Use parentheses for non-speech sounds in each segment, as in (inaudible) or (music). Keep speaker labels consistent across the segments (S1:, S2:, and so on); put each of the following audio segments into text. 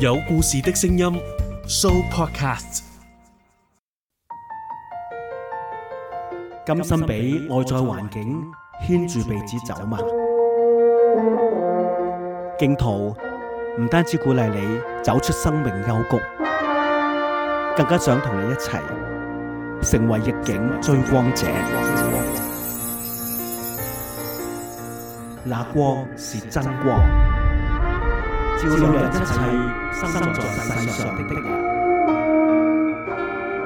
S1: 有故事的聲音，Sooo Podcast。甘心俾外在環境牽住鼻子走嘛？荊徒唔單止鼓勵你走出生命幽谷，更加想同你一齊成為逆境追光者。那光是真光。照亮一切生在世上的人，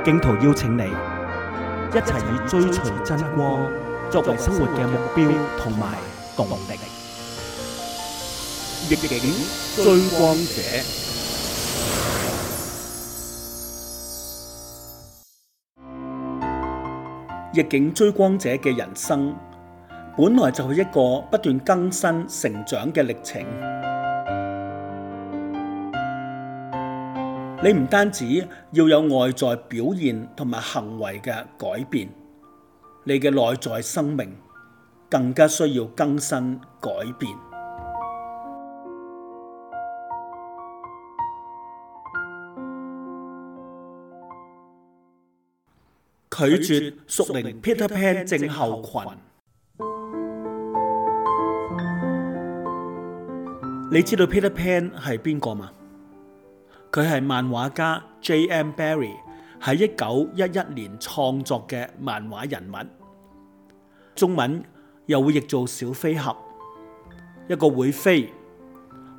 S1: 荊徒邀請你一齊以追隨真光作為生活嘅目標同埋動力。逆境追光者，逆境追光者嘅人生本來就係一個不斷更新成長嘅歷程。你唔單止要有外在表現同埋行為嘅改變，你嘅內在生命更加需要更新改變。拒絕屬靈 Peter Pan 症候群， (music) 你知道 Peter Pan 係邊個嗎？佢係漫畫家 J.M. Barrie 喺一九一一年創作嘅漫畫人物，中文又會譯做小飛俠，一個會飛、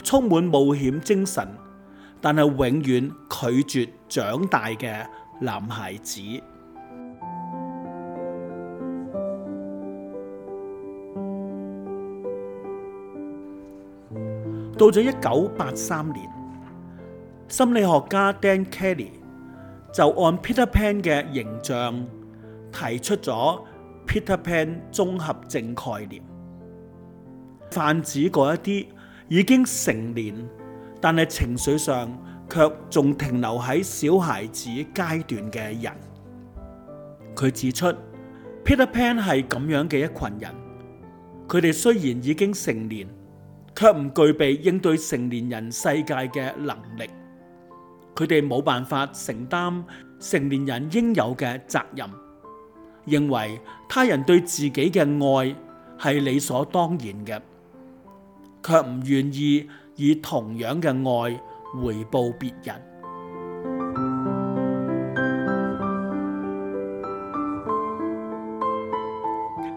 S1: 充滿冒險精神，但係永遠拒絕長大嘅男孩子。到咗一九八三年。心理學家 Dan Kelly 就按 Peter Pan 嘅形象提出咗 Peter Pan 綜合症概念，泛指嗰一啲已經成年但係情緒上卻仲停留喺小孩子階段嘅人。佢指出，Peter Pan 係咁樣嘅一群人，佢哋雖然已經成年，卻唔具備應對成年人世界嘅能力。佢哋冇辦法承擔成年人應有嘅責任，認為他人對自己嘅愛係理所當然嘅，卻唔願意以同樣嘅愛回報別人。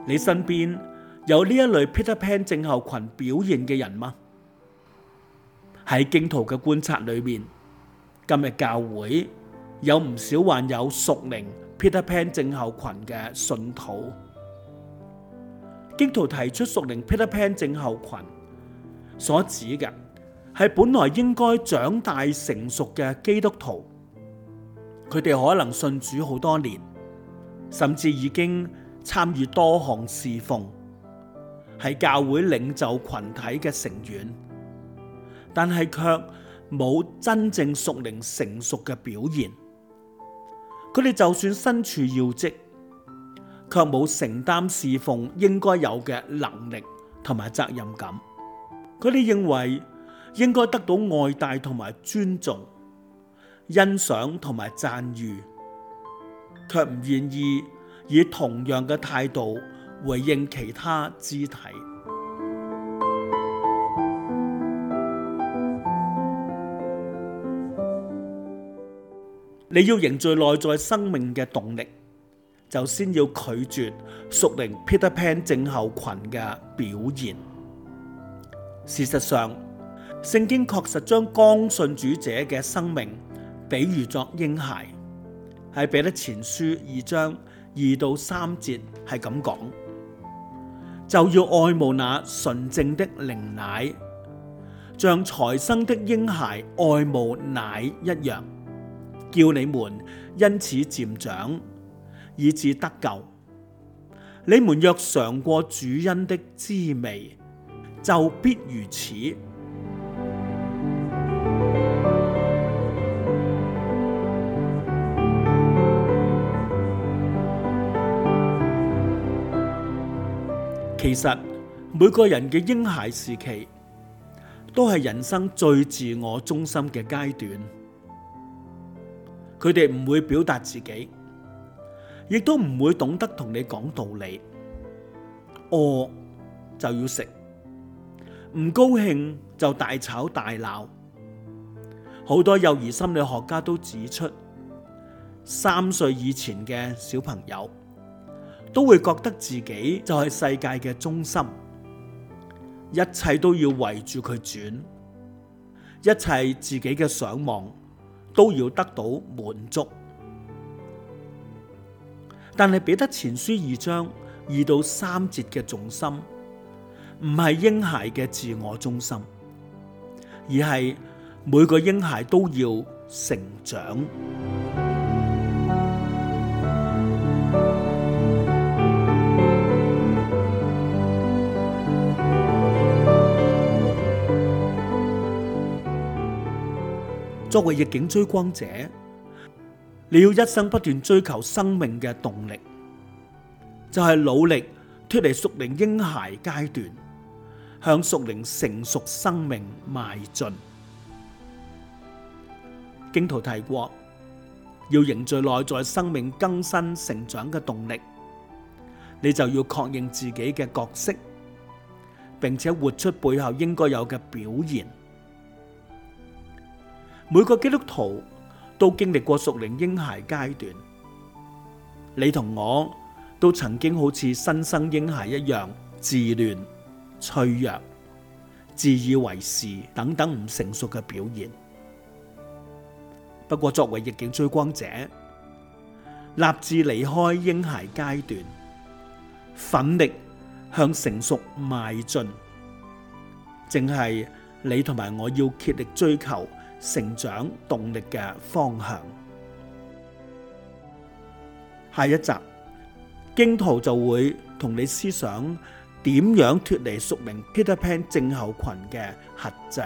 S1: 你身邊有呢一類 Peter Pan 症候群表現嘅人嗎？喺荊徒嘅觀察裏面。今日教會有唔少患有屬靈 Peter Pan 症候群嘅信徒，荊徒提出屬靈 Peter Pan 症候群所指嘅係本來應該長大成熟嘅基督徒，佢哋可能信主好多年，甚至已經參與多項侍奉，係教會領袖群體嘅成員，但係卻。冇真正屬靈成熟嘅表現，佢哋就算身處要職，卻冇承擔侍奉應該有嘅能力同埋責任感。佢哋認為應該得到愛戴同埋尊重、欣賞同埋讚譽，卻唔願意以同樣嘅態度回應其他肢體。你要凝聚內在生命嘅動力，就先要拒絕屬靈 Peter Pan 症候群嘅表現。事實上，聖經確實將剛信主者嘅生命比喻作嬰孩，喺彼得前書二章二到三節係咁講，就要愛慕那純正的靈奶，像財生的嬰孩愛慕奶一樣。叫你們因此漸長，以致得救。你們若嘗過主恩的滋味，就必如此。其實每個人嘅嬰孩時期，都係人生最自我中心嘅階段。佢哋唔會表達自己，亦都唔會懂得同你講道理。餓就要食，唔高興就大吵大鬧。好多幼兒心理學家都指出，三歲以前嘅小朋友都會覺得自己就係世界嘅中心，一切都要圍住佢轉，一切自己嘅想望。都要得到滿足，但係彼得前書二章二到三節嘅重心，唔係嬰孩嘅自我中心，而係每個嬰孩都要成長。作為逆境追光者，你要一生不斷追求生命嘅動力，就係努力脫離屬靈嬰孩階段，向屬靈成熟生命邁進。荊徒提過，要凝聚內在生命更新成長嘅動力，你就要確認自己嘅角色，並且活出背後應該有嘅表現。每個基督徒都經歷過屬靈嬰孩階段，你同我都曾經好似新生嬰孩一樣稚嫩、脆弱、自以為是等等唔成熟嘅表現。不過作為逆境追光者，立志離開嬰孩階段，奮力向成熟邁進，正係你同埋我要竭力追求，成長動力嘅方向，下一集荊徒就會同你思想點樣脫離屬靈 Peter Pan 症候群嘅核制。